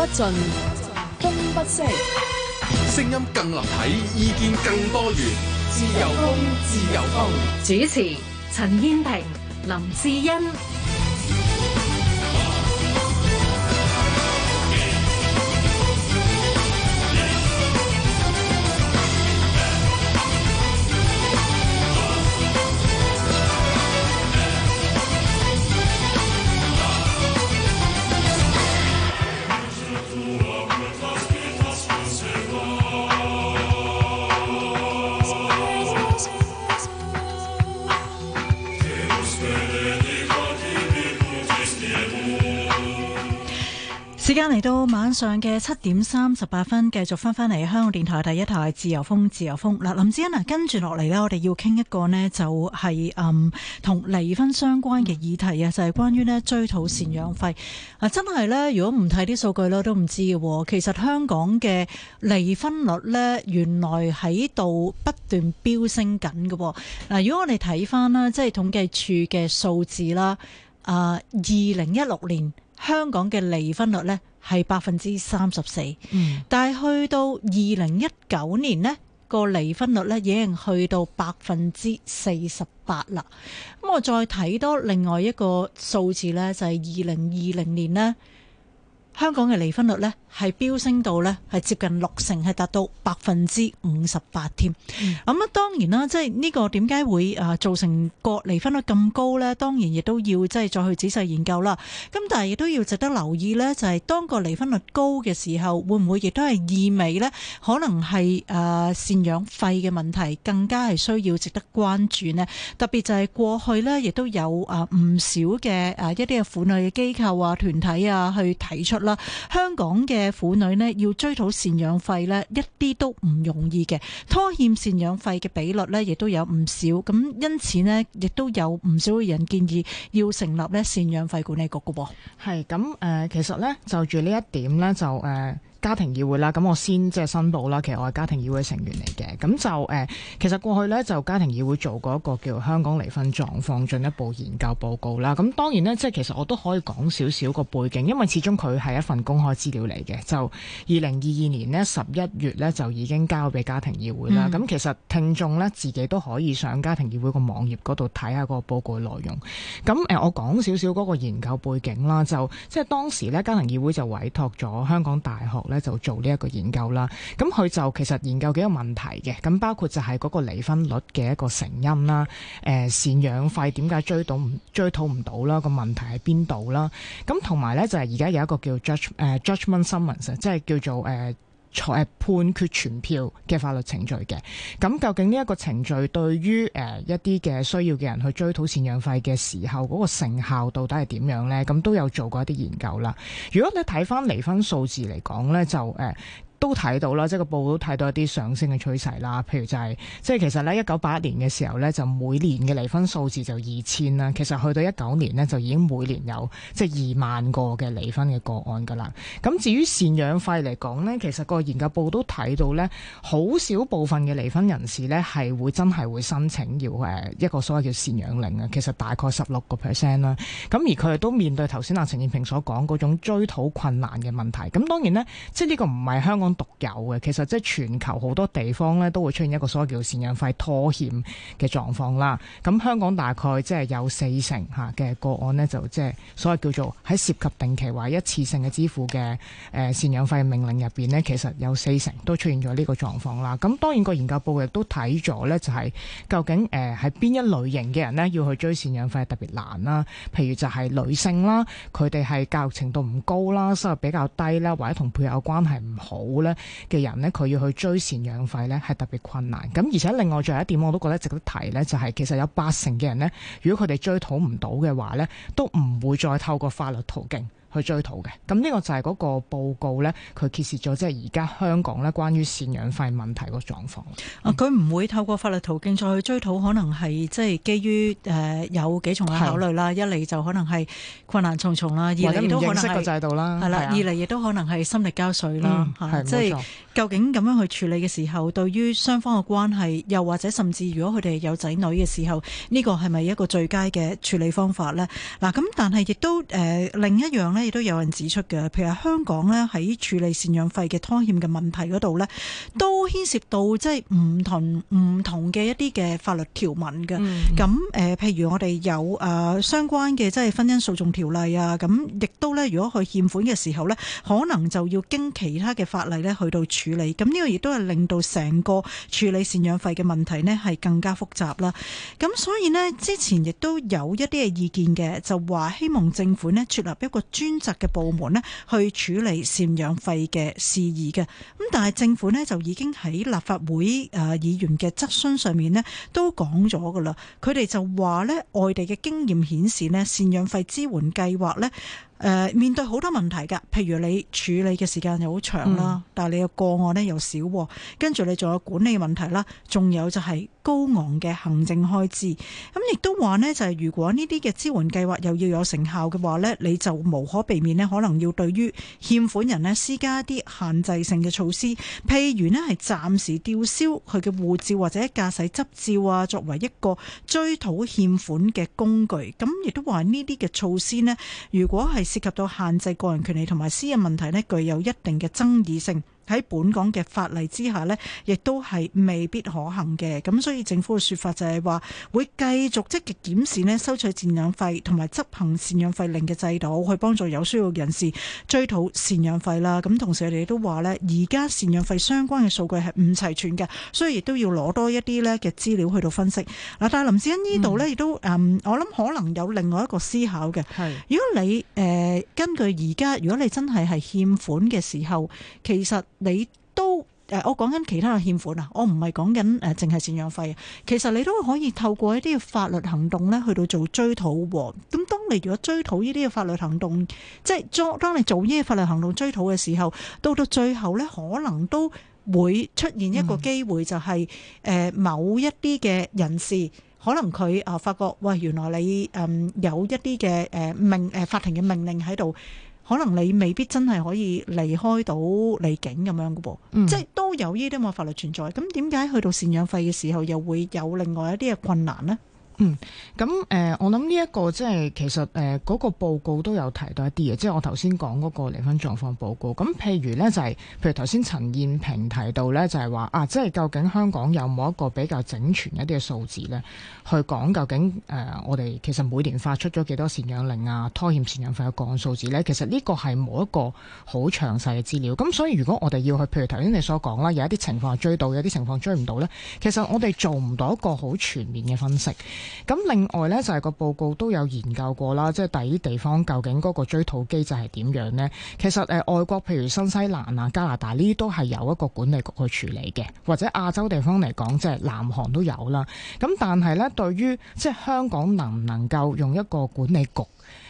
不盡，風不息，聲音更立體，意見更多元，自由風，自由風。主持：陳燕萍、林志恩。而家嚟到晚上嘅七點三十八分，繼續翻翻嚟香港電台第一台《自由風》，自由風嗱，林子欣嗱，跟住落嚟呢，我哋要傾一個呢、就是，就係嗯同離婚相關嘅議題啊，就係、是、關於咧追討贍養費啊，真係呢，如果唔睇啲數據呢都唔知嘅、哦。其實香港嘅離婚率呢，原來喺度不斷飆升緊嘅。嗱，如果我哋睇翻啦，即係統計處嘅數字啦，啊、呃，二零一六年香港嘅離婚率呢。係百分之三十四，嗯、但係去到二零一九年呢，嗰個離婚率呢，已經去到百分之四十八啦。咁、嗯、我再睇多另外一個數字呢，就係二零二零年呢，香港嘅離婚率呢。係飆升到咧，係接近六成，係達到百分之五十八添。咁啊、嗯嗯，當然啦，即係呢個點解會啊造成個離婚率咁高咧？當然亦都要即係、就是、再去仔細研究啦。咁但係亦都要值得留意咧，就係、是、當個離婚率高嘅時候，會唔會亦都係意味咧，可能係誒贍養費嘅問題更加係需要值得關注呢？特別就係過去咧，亦都有誒唔少嘅誒一啲嘅婦女嘅機構啊、團體啊去提出啦，香港嘅。嘅婦女呢，要追討贍養費呢，一啲都唔容易嘅，拖欠贍養費嘅比率呢，亦都有唔少，咁因此呢，亦都有唔少嘅人建議要成立呢贍養費管理局嘅噃，係咁誒，其實呢，就住呢一點呢，就誒。呃家庭議會啦，咁我先即係申報啦。其實我係家庭議會成員嚟嘅，咁就誒、呃，其實過去呢，就家庭議會做過一個叫《香港離婚狀況進一步研究報告》啦。咁當然呢，即係其實我都可以講少少個背景，因為始終佢係一份公開資料嚟嘅。就二零二二年呢，十一月呢，就已經交俾家庭議會啦。咁、嗯、其實聽眾呢，自己都可以上家庭議會個網頁嗰度睇下個報告內容。咁誒，我講少少嗰個研究背景啦，就即係當時呢，家庭議會就委託咗香港大學。咧就做呢一個研究啦，咁佢就其實研究幾個問題嘅，咁包括就係嗰個離婚率嘅一個成因啦，誒、呃、贍養費點解追到唔追討唔到啦，個問題喺邊度啦，咁同埋咧就係而家有一個叫 jud、uh, judgement，誒 judgement summons 即係叫做誒。Uh, 裁判決傳票嘅法律程序嘅，咁究竟呢一個程序對於誒、呃、一啲嘅需要嘅人去追討贍養費嘅時候，嗰、那個成效到底係點樣呢？咁都有做過一啲研究啦。如果你睇翻離婚數字嚟講呢，就誒。呃都睇到啦，即係個報告都睇到一啲上升嘅趨勢啦。譬如就係，即係其實咧，一九八一年嘅時候咧，就每年嘅離婚數字就二千啦。其實去到一九年咧，就已經每年有即係二萬個嘅離婚嘅個案噶啦。咁至於贍養費嚟講咧，其實個研究報都睇到咧，好少部分嘅離婚人士咧係會真係會申請要誒一個所謂叫贍養令啊，其實大概十六個 percent 啦。咁而佢哋都面對頭先阿陳燕平所講嗰種追討困難嘅問題，咁當然咧，即係呢個唔係香港。獨有嘅，其實即係全球好多地方咧都會出現一個所謂叫贍養費拖欠嘅狀況啦。咁、嗯、香港大概即係有四成吓嘅個案呢，就即係所謂叫做喺涉及定期或一次性嘅支付嘅誒贍養費嘅命令入邊呢，其實有四成都出現咗呢個狀況啦。咁、嗯、當然個研究部亦都睇咗呢，就係、是、究竟誒係邊一類型嘅人呢要去追贍養費特別難啦。譬如就係女性啦，佢哋係教育程度唔高啦，收入比較低啦，或者同配偶關係唔好。咧嘅人咧，佢要去追贍養費咧，係特別困難。咁而且另外仲有一點，我都覺得值得提咧，就係其實有八成嘅人咧，如果佢哋追討唔到嘅話咧，都唔會再透過法律途徑。去追討嘅，咁呢個就係嗰個報告呢。佢揭示咗，即係而家香港呢關於贍養費問題個狀況。啊，佢唔會透過法律途徑再去追討，可能係即係基於誒、呃、有幾重嘅考慮啦。的一嚟就可能係困難重重啦，二嚟都可能係。或者唔認識個制度啦。係啦的，的二嚟亦都可能係心力交瘁啦。的嗯、即係是錯究竟咁樣去處理嘅時候，對於雙方嘅關係，又或者甚至如果佢哋有仔女嘅時候，呢、呢個係咪一個最佳嘅處理方法呢？嗱、啊，咁但係亦都誒另一樣咧。亦都有人指出嘅，譬如香港咧喺處理贍養費嘅拖欠嘅問題嗰度咧，都牽涉到即係唔同唔同嘅一啲嘅法律條文嘅。咁誒、嗯呃，譬如我哋有誒、呃、相關嘅即係婚姻訴訟條例啊，咁亦都咧，如果佢欠款嘅時候咧，可能就要經其他嘅法例咧去到處理。咁呢個亦都係令到成個處理贍養費嘅問題咧係更加複雜啦。咁所以咧，之前亦都有一啲嘅意見嘅，就話希望政府咧設立一個專專職嘅部門呢，去處理贍養費嘅事宜嘅。咁但係政府呢就已經喺立法會誒議員嘅質詢上面呢都講咗噶啦。佢哋就話呢，外地嘅經驗顯示呢，贍養費支援計劃呢，誒、呃、面對好多問題噶。譬如你處理嘅時間又好長啦，嗯、但係你嘅個案呢又少，跟住你仲有管理問題啦，仲有就係、是。高昂嘅行政開支，咁亦都話呢就係如果呢啲嘅支援計劃又要有成效嘅話呢，你就無可避免呢可能要對於欠款人呢施加一啲限制性嘅措施，譬如呢係暫時吊銷佢嘅護照或者駕駛執照啊，作為一個追討欠款嘅工具。咁亦都話呢啲嘅措施呢，如果係涉及到限制個人權利同埋私隱問題呢，具有一定嘅爭議性。喺本港嘅法例之下呢，亦都係未必可行嘅。咁所以政府嘅說法就係話會繼續積極檢視呢，收取贍養費同埋執行贍養費令嘅制度，去幫助有需要嘅人士追討贍養費啦。咁同時，佢哋都話呢，而家贍養費相關嘅數據係唔齊全嘅，所以亦都要攞多一啲呢嘅資料去到分析。嗱，但係林志恩呢度呢，亦、嗯、都誒、呃，我諗可能有另外一個思考嘅。係是如果你誒、呃、根據而家，如果你真係係欠款嘅時候，其實。你都誒、呃，我講緊其他嘅欠款啊，我唔係講緊誒，淨係贍養費啊。其實你都可以透過一啲嘅法律行動咧，去到做追討喎。咁、哦、當你如果追討呢啲嘅法律行動，即係做當你做呢啲法律行動追討嘅時候，到到最後咧，可能都會出現一個機會，就係誒某一啲嘅人士，嗯、可能佢啊發覺，喂，原來你誒、嗯、有一啲嘅誒命誒法庭嘅命令喺度。可能你未必真係可以離開到離境咁樣嘅噃，嗯、即係都有呢啲咁嘅法律存在。咁點解去到贍養費嘅時候，又會有另外一啲嘅困難呢？嗯，咁誒，我諗呢一個即係其實誒嗰個報告都有提到一啲嘢，即係我頭先講嗰個離婚狀況報告。咁譬如呢，就係譬如頭先陳燕平提到呢，就係話啊，即係究竟香港有冇一個比較整全一啲嘅數字呢？去講究竟誒我哋其實每年發出咗幾多贍養令啊、拖欠贍養費嘅個案數字呢？其實呢個係冇一個好詳細嘅資料。咁所以如果我哋要去，譬如頭先你所講啦，有一啲情況係追到，有啲情況追唔到呢，其實我哋做唔到一個好全面嘅分析。咁另外呢，就係個報告都有研究過啦，即係第啲地方究竟嗰個追討機制係點樣呢？其實誒，外國譬如新西蘭啊、加拿大呢啲都係有一個管理局去處理嘅，或者亞洲地方嚟講，即係南韓都有啦。咁但係呢，對於即係香港能唔能夠用一個管理局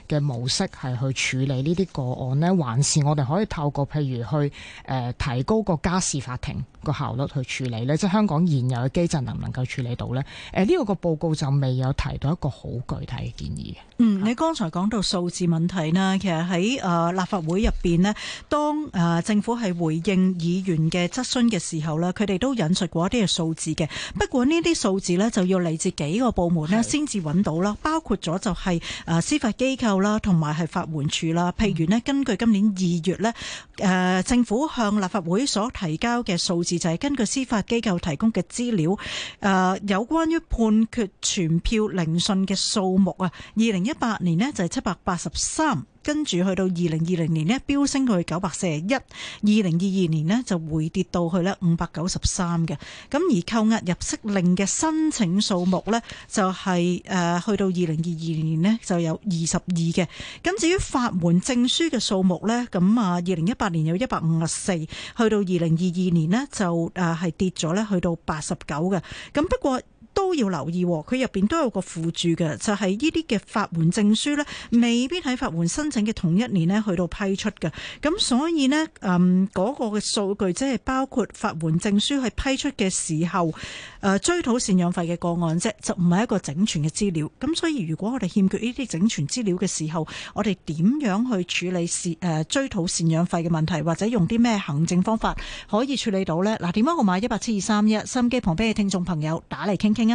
嘅模式係去處理呢啲個案呢，還是我哋可以透過譬如去誒，提高個家事法庭個效率去處理呢，即係香港現有嘅機制能唔能夠處理到呢？誒、呃，呢、這個個報告就未有提到一個好具體嘅建議。嗯，你剛才講到數字問題呢，其實喺誒、呃、立法會入邊呢，當誒、呃、政府係回應議員嘅質詢嘅時候呢，佢哋都引述過一啲嘅數字嘅。不過呢啲數字呢，就要嚟自幾個部門呢先至揾到啦，是包括咗就係、是、誒、呃、司法機構啦，同埋係法援處啦。譬如呢，嗯、根據今年二月呢，誒、呃、政府向立法會所提交嘅數字。就係根據司法機構提供嘅資料，誒、呃、有關於判決傳票聆訊嘅數目啊，二零一八年呢，就係七百八十三。跟住去到二零二零年呢，飆升去九百四十一；二零二二年呢，就回跌到去咧五百九十三嘅。咁而扣押入息令嘅申請數目呢，就係誒去到二零二二年呢，就有二十二嘅。咁至於法援證書嘅數目呢，咁啊二零一八年有一百五十四，去到二零二二年呢，就誒係跌咗呢，去到八十九嘅。咁不過都要留意、哦，佢入邊都有個附注嘅，就係呢啲嘅法援證書咧，未必喺法援申請嘅同一年咧去到批出嘅。咁所以咧，嗯，嗰、那個嘅數據即係包括法援證書去批出嘅時候，誒、呃、追討贍養費嘅個案啫，就唔係一個整存嘅資料。咁所以如果我哋欠缺呢啲整存資料嘅時候，我哋點樣去處理誒、呃、追討贍養費嘅問題，或者用啲咩行政方法可以處理到咧？嗱、啊，電話號碼一八七二三一，1, 心機旁邊嘅聽眾朋友打嚟傾傾。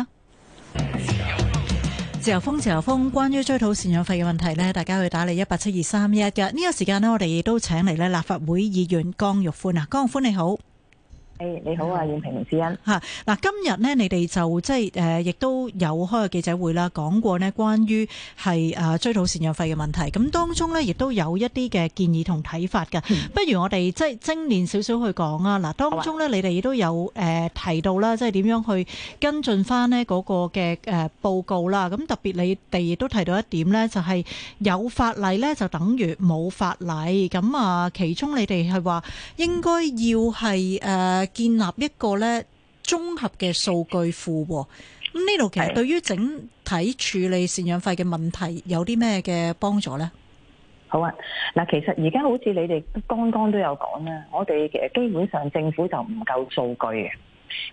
自由風，自由風，關於追討贍養費嘅問題咧，大家去打嚟一八七二三一嘅。呢、這個時間咧，我哋亦都請嚟咧立法會議員江玉歡啊，江玉歡你好。誒，hey, 你好啊，燕平。紫恩吓，嗱，今日呢，你哋就即係誒，亦、呃、都有開個記者會啦，講過呢關於係誒追討贍養費嘅問題。咁當中呢，亦都有一啲嘅建議同睇法㗎。不如我哋即係精煉少少去講啊。嗱，當中呢，你哋亦都有誒提到啦，即係點樣去跟進翻呢嗰個嘅誒報告啦。咁、啊、特別，你哋亦都提到一點呢，就係有法例呢，就等於冇法例。咁啊，其中你哋係話應該要係誒。呃嗯建立一個咧綜合嘅數據庫，咁呢度其實對於整體處理贍養費嘅問題有啲咩嘅幫助呢？好啊，嗱，其實而家好似你哋剛剛都有講啦，我哋其實基本上政府就唔夠數據嘅，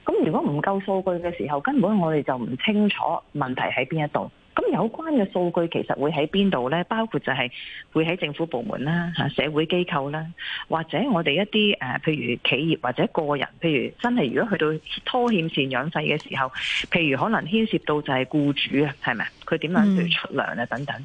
咁如果唔夠數據嘅時候，根本我哋就唔清楚問題喺邊一度。咁有關嘅數據其實會喺邊度呢？包括就係會喺政府部門啦、嚇社會機構啦，或者我哋一啲誒、呃，譬如企業或者個人，譬如真係如果去到拖欠贍養費嘅時候，譬如可能牽涉到就係僱主啊，係咪？佢點樣去出糧啊？等等。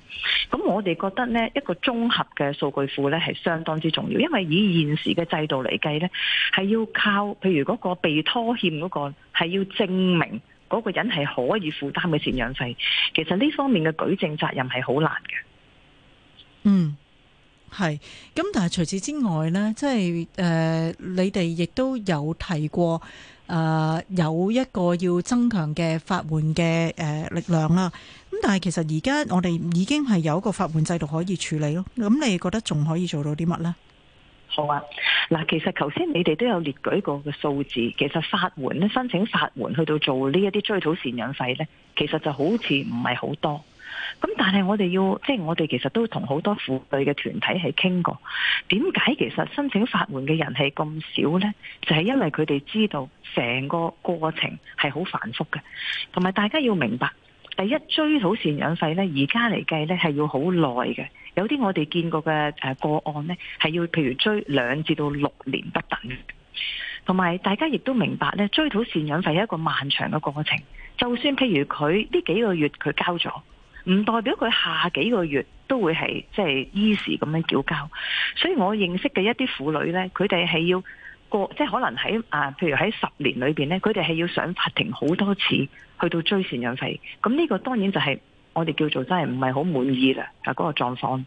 咁我哋覺得呢一個綜合嘅數據庫呢，係相當之重要，因為以現時嘅制度嚟計呢，係要靠譬如嗰個被拖欠嗰、嗰個係要證明。嗰個人係可以負擔嘅贍養費，其實呢方面嘅舉證責任係好難嘅。嗯，係。咁但係除此之外呢，即係誒、呃，你哋亦都有提過誒、呃，有一個要增強嘅法援嘅誒、呃、力量啦。咁但係其實而家我哋已經係有一個法援制度可以處理咯。咁你覺得仲可以做到啲乜呢？好啊，嗱，其實頭先你哋都有列舉過嘅數字，其實法援咧申請法援去到做呢一啲追討贍養費咧，其實就好似唔係好多。咁但係我哋要，即係我哋其實都同好多婦女嘅團體係傾過，點解其實申請法援嘅人係咁少咧？就係因為佢哋知道成個過程係好繁複嘅，同埋大家要明白。第一，追討贍養費咧，而家嚟計咧係要好耐嘅，有啲我哋見過嘅誒個案咧係要譬如追兩至到六年不等，同埋大家亦都明白咧，追討贍養費係一個漫長嘅過程，就算譬如佢呢幾個月佢交咗，唔代表佢下幾個月都會係即係依時咁樣繳交，所以我認識嘅一啲婦女咧，佢哋係要。個即係可能喺啊，譬如喺十年裏邊咧，佢哋係要上法庭好多次，去到追贍養費。咁、這、呢個當然就係、是、我哋叫做真係唔係好滿意啦，啊、那、嗰個狀況。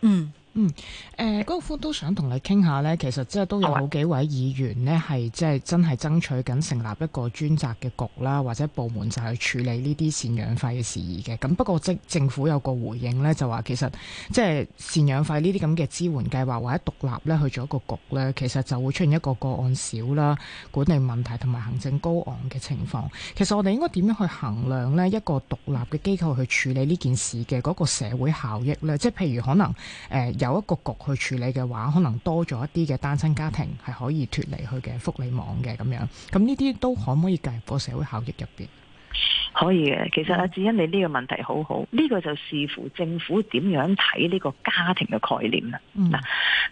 嗯。嗯，誒、呃，高夫都想同你傾下呢。其實即係都有好幾位議員呢係即係真係爭取緊成立一個專責嘅局啦，或者部門就去處理呢啲贍養費嘅事宜嘅。咁不過即政府有個回應呢，就話其實即係贍養費呢啲咁嘅支援計劃或者獨立咧去做一個局呢，其實就會出現一個個案少啦、管理問題同埋行政高昂嘅情況。其實我哋應該點樣去衡量呢一個獨立嘅機構去處理呢件事嘅嗰個社會效益呢？即係譬如可能誒、呃有一個局去處理嘅話，可能多咗一啲嘅單親家庭係可以脫離佢嘅福利網嘅咁樣，咁呢啲都可唔可以計入個社會效益入邊？可以嘅，其實阿智恩，你呢個問題好好，呢、呢個就視乎政府點樣睇呢個家庭嘅概念啦。嗱、嗯，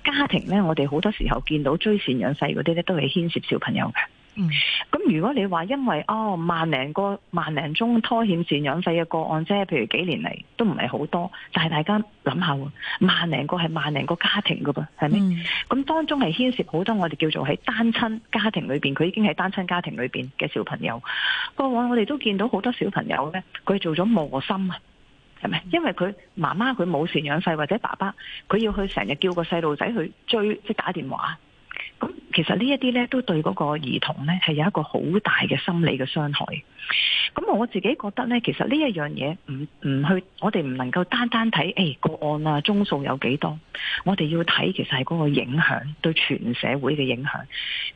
家庭呢，我哋好多時候見到追贍養費嗰啲呢，都係牽涉小朋友嘅。嗯，咁如果你話因為哦萬零個萬零宗拖欠贍養費嘅個案啫，譬如幾年嚟都唔係好多，但係大家諗下喎，萬零個係萬零個家庭噶噃，係咪？咁、嗯、當中係牽涉好多我哋叫做喺單親家庭裏邊，佢已經喺單親家庭裏邊嘅小朋友。過往我哋都見到好多小朋友咧，佢做咗磨心啊，係咪？嗯、因為佢媽媽佢冇贍養費，或者爸爸佢要去成日叫個細路仔去追，即係打電話。咁其實呢一啲咧，都對嗰個兒童咧係有一個好大嘅心理嘅傷害。咁我自己覺得咧，其實呢一樣嘢唔唔去，我哋唔能夠單單睇，誒、哎、個案啊，宗數有幾多，我哋要睇其實係嗰個影響，對全社會嘅影響。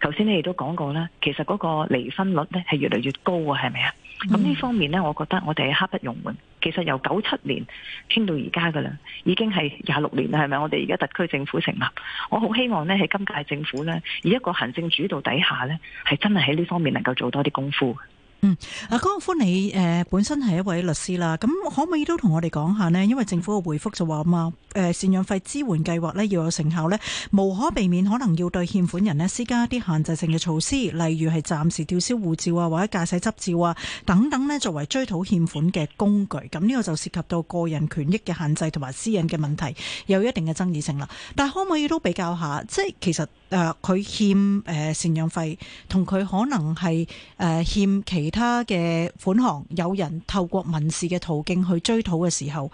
頭先你哋都講過啦，其實嗰個離婚率咧係越嚟越高啊，係咪啊？咁呢、嗯、方面呢，我覺得我哋刻不容緩。其實由九七年傾到而家㗎喇，已經係廿六年啦，係咪？我哋而家特區政府成立，我好希望呢，喺今屆政府呢，以一個行政主導底下呢，係真係喺呢方面能夠做多啲功夫。嗯，江玉歡你誒、呃、本身係一位律師啦，咁可唔可以都同我哋講下呢？因為政府嘅回覆就話啊，誒、嗯、贍、呃、養費支援計劃咧要有成效呢，無可避免可能要對欠款人咧施加一啲限制性嘅措施，例如係暫時吊銷護照啊，或者駕駛執照啊等等呢，作為追討欠款嘅工具。咁呢個就涉及到個人權益嘅限制同埋私隱嘅問題，有一定嘅爭議性啦。但係可唔可以都比較下？即係其實。誒，佢欠誒贍養費，同佢可能係誒欠其他嘅款項，有人透過民事嘅途徑去追討嘅時候，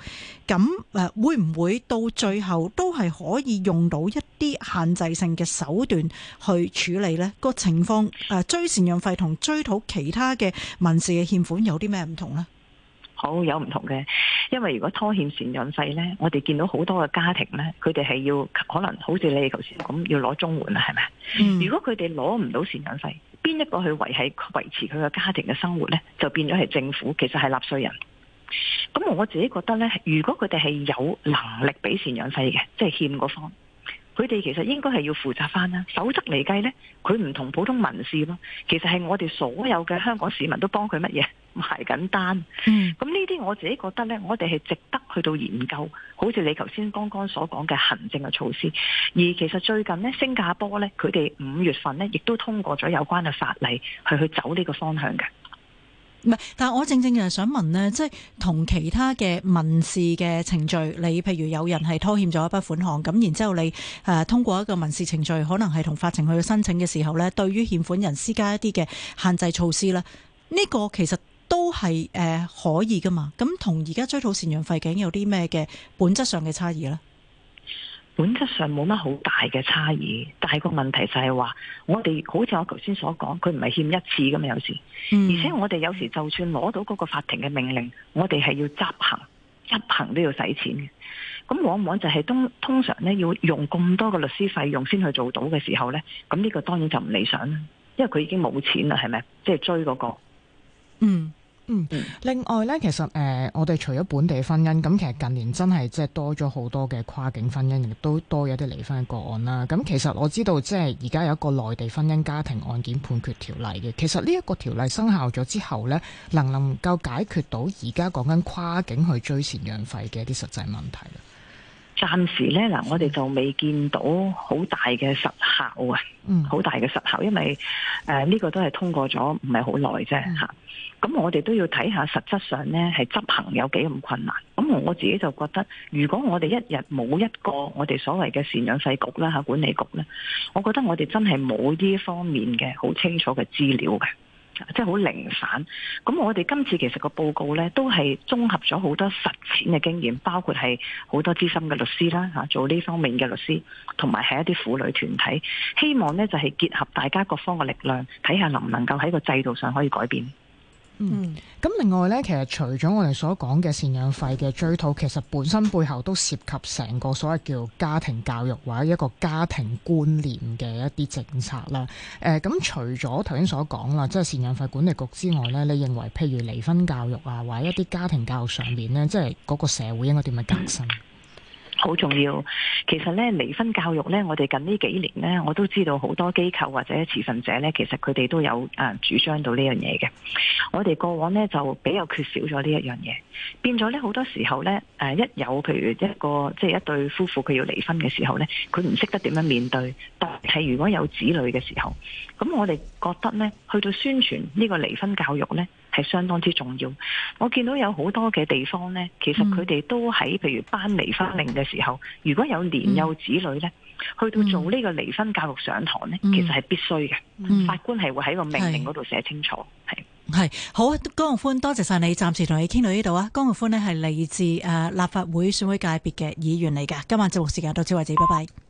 咁誒會唔會到最後都係可以用到一啲限制性嘅手段去處理呢個情況？誒追贍養費同追討其他嘅民事嘅欠款有啲咩唔同呢？好有唔同嘅，因為如果拖欠贍養費咧，我哋見到好多嘅家庭咧，佢哋係要可能好似你哋頭先咁要攞綜援啦，係咪？嗯、如果佢哋攞唔到贍養費，邊一個去維繫維持佢嘅家庭嘅生活咧？就變咗係政府，其實係納稅人。咁我自己覺得咧，如果佢哋係有能力俾贍養費嘅，即係欠嗰方。佢哋其實應該係要負責翻啦。守則嚟計呢，佢唔同普通民事咯。其實係我哋所有嘅香港市民都幫佢乜嘢埋緊單。咁呢啲我自己覺得呢，我哋係值得去到研究，好似你頭先剛剛所講嘅行政嘅措施。而其實最近呢，新加坡呢，佢哋五月份呢，亦都通過咗有關嘅法例，去去走呢個方向嘅。唔係，但係我正正就係想問呢，即係同其他嘅民事嘅程序，你譬如有人係拖欠咗一筆款項，咁然之後你誒通過一個民事程序，可能係同法庭去申請嘅時候呢，對於欠款人施加一啲嘅限制措施咧，呢、呢個其實都係誒、呃、可以噶嘛？咁同而家追討贍養費，竟有啲咩嘅本質上嘅差異呢？本質上冇乜好大嘅差異，但係個問題就係話，我哋好似我頭先所講，佢唔係欠一次㗎嘛，有時，嗯、而且我哋有時就算攞到嗰個法庭嘅命令，我哋係要執行，執行都要使錢嘅，咁往往就係通通常咧要用咁多個律師費用先去做到嘅時候咧，咁呢個當然就唔理想啦，因為佢已經冇錢啦，係咪？即係追嗰個，嗯。嗯，另外咧，其實誒、呃，我哋除咗本地婚姻，咁其實近年真係即係多咗好多嘅跨境婚姻，亦都多咗啲離婚嘅個案啦。咁其實我知道，即係而家有一個內地婚姻家庭案件判決條例嘅。其實呢一個條例生效咗之後呢，能唔能夠解決到而家講緊跨境去追贍養費嘅一啲實際問題咧？暫時咧嗱，我哋就未見到好大嘅實效啊，好大嘅實效，因為誒呢、呃呢個都係通過咗唔係好耐啫嚇。咁、嗯啊、我哋都要睇下實質上咧，係執行有幾咁困難。咁我自己就覺得，如果我哋一日冇一個我哋所謂嘅贍養費局啦，嚇、啊、管理局咧，我覺得我哋真係冇呢方面嘅好清楚嘅資料嘅。即係好零散，咁我哋今次其實個報告呢，都係綜合咗好多實踐嘅經驗，包括係好多資深嘅律師啦，嚇做呢方面嘅律師，同埋係一啲婦女團體，希望呢就係結合大家各方嘅力量，睇下能唔能夠喺個制度上可以改變。嗯，咁另外咧，其實除咗我哋所講嘅贍養費嘅追討，其實本身背後都涉及成個所謂叫家庭教育或者一個家庭觀念嘅一啲政策啦。誒、呃，咁除咗頭先所講啦，即係贍養費管理局之外咧，你認為譬如離婚教育啊，或者一啲家庭教育上面咧，即係嗰個社會應該點樣革新？嗯好重要，其實咧離婚教育咧，我哋近呢幾年咧，我都知道好多機構或者持份者咧，其實佢哋都有誒、呃、主張到呢樣嘢嘅。我哋過往咧就比較缺少咗呢一樣嘢，變咗咧好多時候咧誒、呃、一有譬如一個即係一對夫婦佢要離婚嘅時候咧，佢唔識得點樣面對，但係如果有子女嘅時候，咁我哋覺得咧去到宣傳呢個離婚教育咧。係相當之重要，我見到有好多嘅地方呢，其實佢哋都喺譬如頒離婚令嘅時候，如果有年幼子女呢，嗯、去到做呢個離婚教育上堂呢，其實係必須嘅，嗯嗯、法官係會喺個命令嗰度寫清楚，係係是是好啊，江玉歡，多謝晒，你，暫時同你傾到呢度啊。江玉歡呢，係嚟自誒立法會選舉界別嘅議員嚟噶。今晚節目時間到此為止，拜拜。